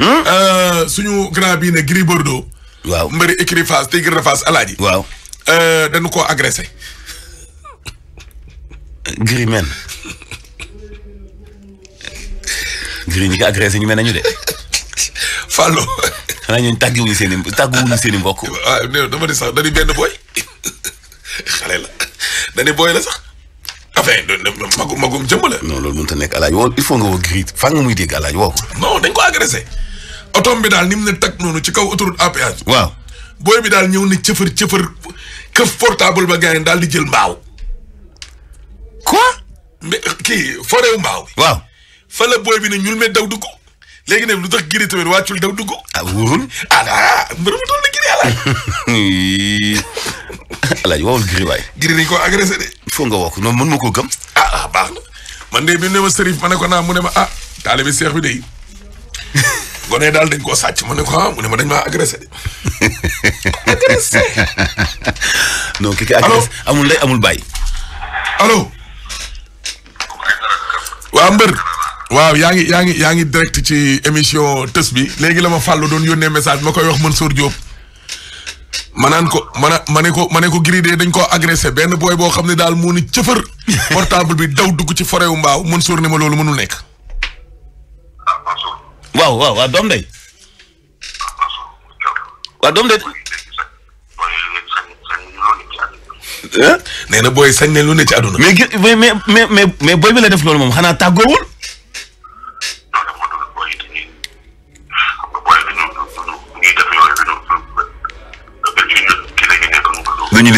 Hmm? Euh, suñu grand bii ne Gris Bordeaux. waaw mbëri écurie Fass te écurie Fass alaaji. waaw euh, dañu ko agressé. Gris men Gris ñi ko agressé ñu mel nañu de. Fallou. xanaa ñooñu tàgguwuñu seen i tàgguwuñu mbokk. waaw dama di sax dañuy benn booy xale la dañuy booy la sax. affaire magum magum jëmb la. non loolu nekk alaaj woo il faut nga woo gris faa nga muy dégg alaaj woo. non dañ ko agressé. otoom bi daal ni mu ne tag noonu ci kaw autoroute à waaw booy bi daal ñëw ne cëfër cëfër këf portable ba gars yi daal di jël mbaaw. quoi. mais kii foreewu mbaaw. waaw fa booy bi ne ñul me daw dugg léegi nag lu tax giri tamit wàccul daw dugg. ah wóorul. ah ah, ah mbir mi toll na alaaj. alaaj wowul giri waay. giri dañ ko agressé de. faut nga woo ko noonu mën ma koo gëm. Ah, ah baax na man de bi ne ma sërif ma ne ko naa mu ne ma ah taalibe seex bi de gone daal dañ koo sàcc ma ne ko ah mu ne ma dañ maa agressé de. agressé. non ki amul ndey amul bàyyi. allo. waa mbër. waaw yaa ngi yaa ngi yaa ci émission tës bi léegi la ma fàllu doon yónnee message ma koy wax Mansour Diop. manaan ko mana ma ne ko ma ne ko giri dee dañ koo agressé benn booy boo xam ne daal moo ni cëfër portable bi daw dugg ci forewu mbaaw mën sóor ne ma loolu mënul nekk waaw waaw waaw doom day waaw doom day nee na booy sañ ne lu ne ci àdduna mais mais mais mais booy bi la def loolu moom xanaa tàggoowul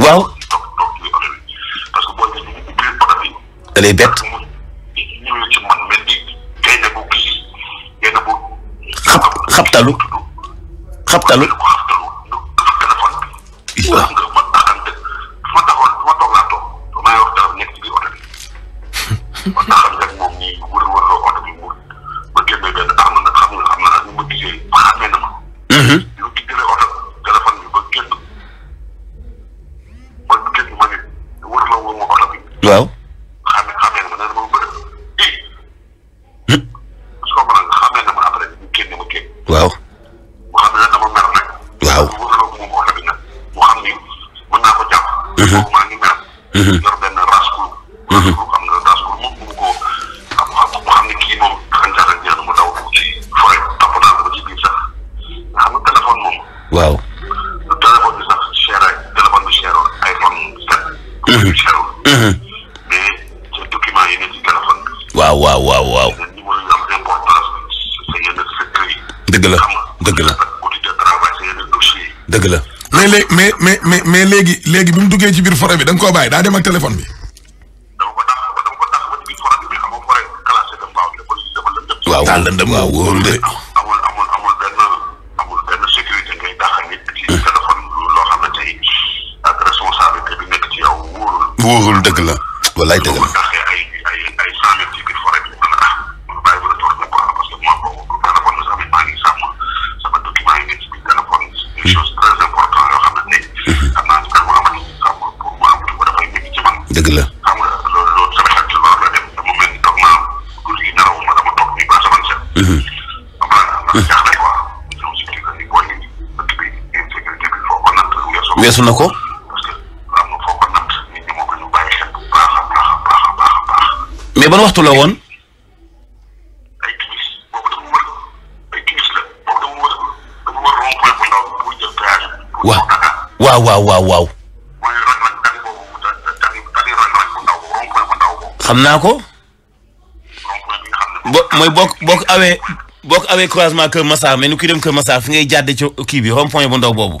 waaw. parce que booy bi bu ubbee poto bi. da lay bett. ñëwee ci man mel ni gaynde bu kii gaynde bu. xab xabtalu. xabtalu. waaw. Mm-hmm. yor mhm. benn rascul. nga rascul moom bu waaw téléphone bi sax mhm. mhm. waaw waaw waaw waaw. dëgg la dëgg la dëgg la. mais léegi mais mais mais mais léegi léegi bi mu duggee ci biir forêt bi da nga koo bàyyi daa dem ak téléphone bi. dama ko dàq dama ko dàq ba ci biir forêt bi xam nga forêt classé dafa baax lépp aussi dafa lëndëm. waaw daal lëndëm waaw de. amul amul amul benn amul benn sécurité ngay loo xam ne tey ak responsabilité yow dëgg la. wallaay la. weesu na ko. mais ban waxtu woon. waaw waaw waaw waaw waaw. naa ko. bo mooy bokk bokk awee bokk awee croisement Kër Massar mais nu kii dem fi ngay jàddee ci kii bi rond point bu ndaw boobu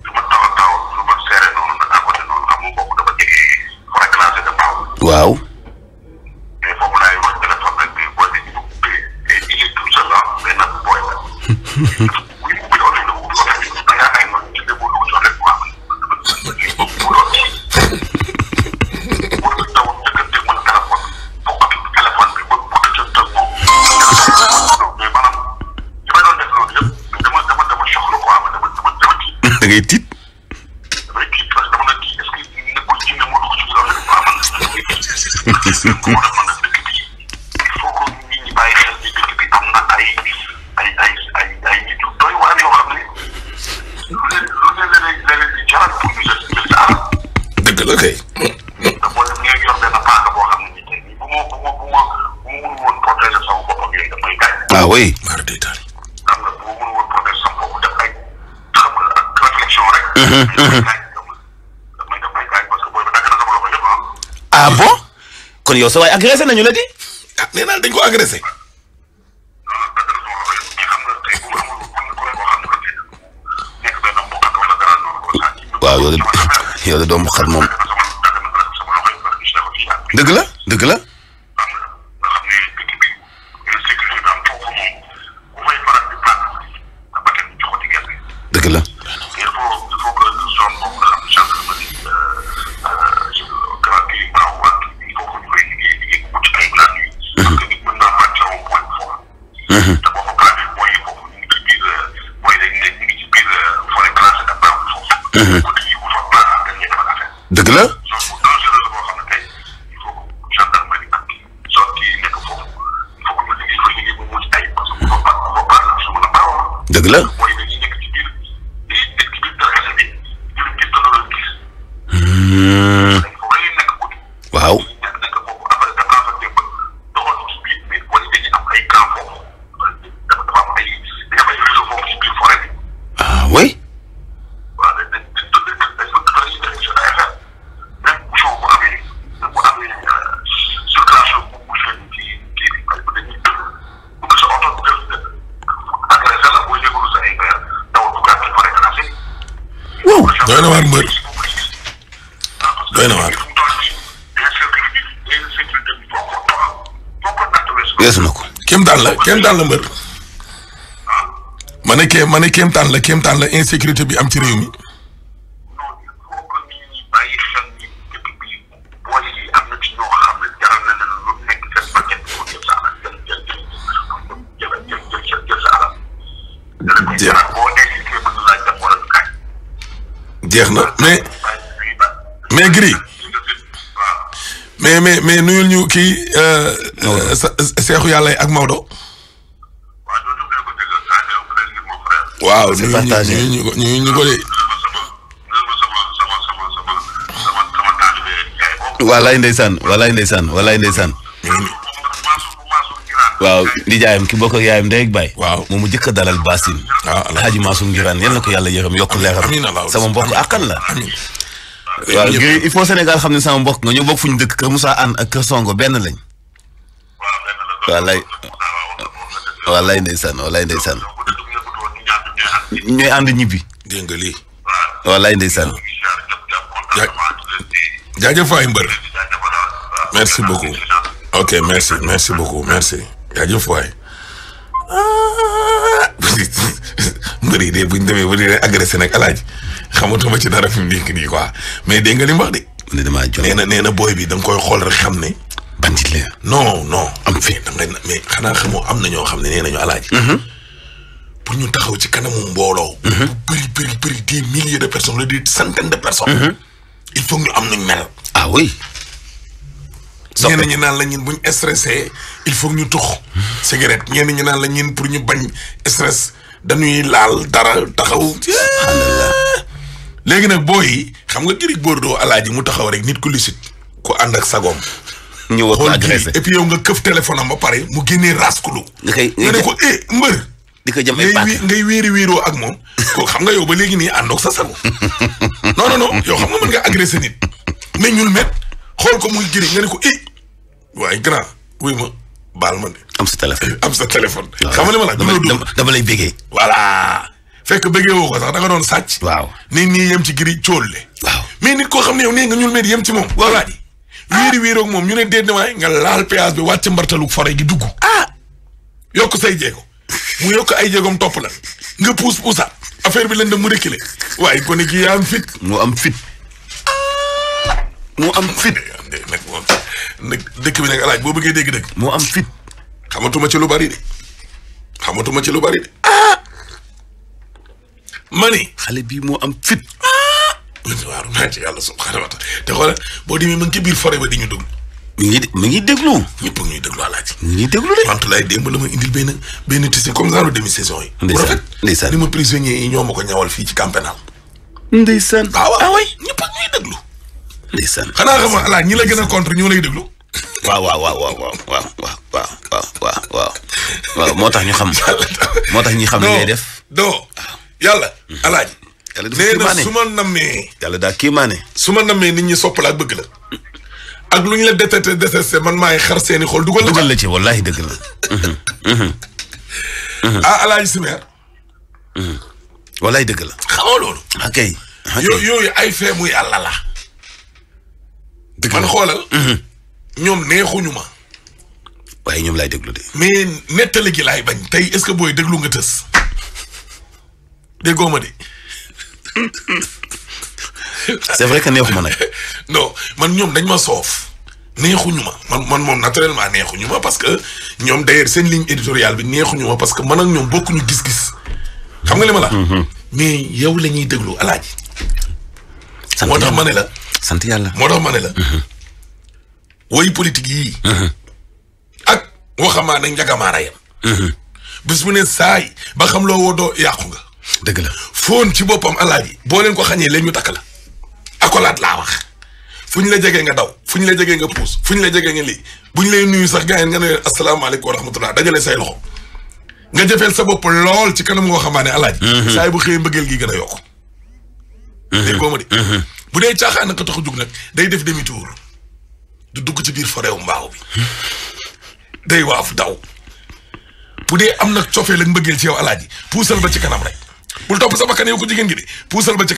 ngay tiit. damay tiit parce que dama doon kii est-ce que nekkul ci ne moo dugg ci biir affaire bi maa mën dëkk bi il faut que nit ñi bàyyi xel ni dëkk bi am na ay ay ay ay ay nit yu doy waar yoo xam ne lu leen lu leen leneen leneen di jaral pour ñu def dëgg la kay. Mmh, mmh. ah kon yow sa waay nañu la di. ah nee naa waaw yow de yow de doomu xar moom. Mmh. dëgg la dëgg la doy na waar mbër doy ko. kéem taan la kéem taan la mbër. ma ne kéem ma ne la kéem taan la insécurité bi am ci jeex na mais mais Gris mais mais mais nuyul ñu kii euh, seexu yàlla ak Maodo. waaw ñu ñu ñu ñu ñu ko de. walaay ndeysaan walaay ndeysaan walaay ndeysaan. waaw nijaayam ki bokk ak yaayam ndey moom mu jëkk dalal Basine. waaw ah, alaaji Maasum Ngiraan yal na ko yàlla yërëm yokk leeram sama mbokk akkan la. waaw il faut Sénégal xam sama mbokk nga ñu bokk fu ñu dëkk Kër Moussa Anne ak Kër Songo benn lañ. wallaay wallaay ndeysaan wallaay ndeysaan. ñooy ñibbi. dégg nga lii. wallaay ndeysaan. merci beaucoup. ok merci merci beaucoup merci. jaajëf waay ah! mbër yi de bu ñu demee ba dee agressé nag alaaji xamatuma ci dara fi mu nekk nii mais dégg nga li wax de. ne damaa na nee na booy bi da koy xool rek xam ne. bandit la non non. am fi da nga mais xanaa xamoo am na ñoo xam ne nee nañu alaaji. Mm-hmm. pour ñu taxaw ci kanamu mbooloo. bu mm-hmm. bëri bëri bëri des milliers de personnes la des centaines de personnes. Mm-hmm. il faut ñu am nañ mel. Ah ñenn ñi naan la ñun bu ñu stressé il faut ñu tux cigarette ñenn ñi naan la ñun pour ñu bañ stress dañuy laal dara taxaw. léegi nag booy xam nga Gris Bordeaux alaaji mu taxaw rek nit ku lucide. ku ànd sagoom. ñu war ko agressé et puis yow nga këf téléphone am ba pare mu génnee raskulu. nga koy nga ne ko eh mbër. di ko jëmee paaka ngay ak moom. ko xam nga yow ba léegi nii àndoog sa sago. non non non yow xam nga mën nga agressé nit. mais ñul met xool ko muy jëriñ nga ne ko eh. waaye grand wuy ma baal ma de. am sa téléphone am sa téléphone. xam nga li ma la dama lay bégee. voilà fekk bégee woo ko sax da doon sàcc. waaw nit ñi yem ci giri cool le. waaw mais nit koo xam ne yow nee nga ñuul mel yem ci moom. voilà wéeri wéeroog moom ñu ne déedéet waay nga laal péage bi wàcc mbartalu forêt gi dugg. ah yokk say jéego mu yokk ay jéegoom topp la nga puus puusaat affaire bi lëndëm mu reculer waaye gone gi yaa am fit. moo am fit. Ah! moo am fit. nag dëkk bi alaaj boo bëggee dégg dëgg moo am fit xamatuma ci lu bari de xamatuma ci lu bari de ah ma ni xale bii moo am fit ah! waaw naa ci yàlla subhaanahu wa taala te xoolal boo demee mu ngi ci biir forêt ba di ñu déglu. mi ngi mi ngi déglu. ñëpp a ngi ñuy déglu alaaji. mi ngi déglu de. wante laay démb ma indil benn benn tissu comme genre demi saison yi. ndeysaan bu ma prisonniers yi ñoo ma ko ñawal fii ci camp pénal. ndeysaan waaw ah waaw ah ñëpp a ngi ñuy déglu. ndeysaan xanaa xam nga alaaj ñi la gën a contre ñoo lay déglu waaw waaw waaw waaw waaw waaw waaw waaw waaw waaw moo tax ñu xam moo tax ñi xam ne ngay def doo ah. yàlla mm-hmm. alaaj yàlla dafa kiimaane na su ma nammee yàlla daa kiimaane su ma nammee nit ñi sopp la ak bëgg la ak lu ñu la détesté détesté man maay xar seeni xool dugal la dugal la ci wallaahi dëgg la mm-hmm. Mm-hmm. ah alaaji simeer wallaahi dëgg la xamoo ah, ah, ay fee muy yàlla la man xoolal. Mhm. ñoom neexuñu ma. waaye ñoom laay déglu de. mais nettali gi laay bañ tey est-ce que booy déglu nga tës déggoo ma de. c'est vrai que neexu ma nag. non man ñoom dañ ma soof. neexuñu ma man man moom naturellement neexuñu ma parce que ñoom d'ailleurs seen ligne éditoriale bi neexuñu ma parce que man ak ñoom bokkuñu gis-gis. xam nga li ma la. Mhm. mais yow lañuy ñuy déglu alaaji. sant moo tax ma ne la. sant yàlla moo tax ma ne la. woy politique yii. ak waxamaane njagamaara bis bu ne saay ba xam loo woo doo yàqu nga. dëgg la foon ci boppam alaaji. boo leen ko xañee leen ñu takk la. akolaat laa wax. fu ñu la jegee nga daw fu ñu la jegee nga puus fu ñu la jegee nga lii bu ñu lay nuyu sax gars yi nga ne leen asalaamaaleykum wa rahmatulah dajale say loxo. nga jëfeel sa bopp lool ci kanam waxamaane alaaji. Mm-hmm. saay bu xëyee mbëggeel gi gën a yokk. Mm-hmm. déggoo ma di. bu dee caaxaan nag ko tax a day def demi tour du dugg ci biir wu mbaaw bi day waaf daw bu dee am na cofee la mbëggeel ci yow alaaji puusal ba ci kanam rek bul topp sa bakkan yow ko jigéen gi de puusal ba ci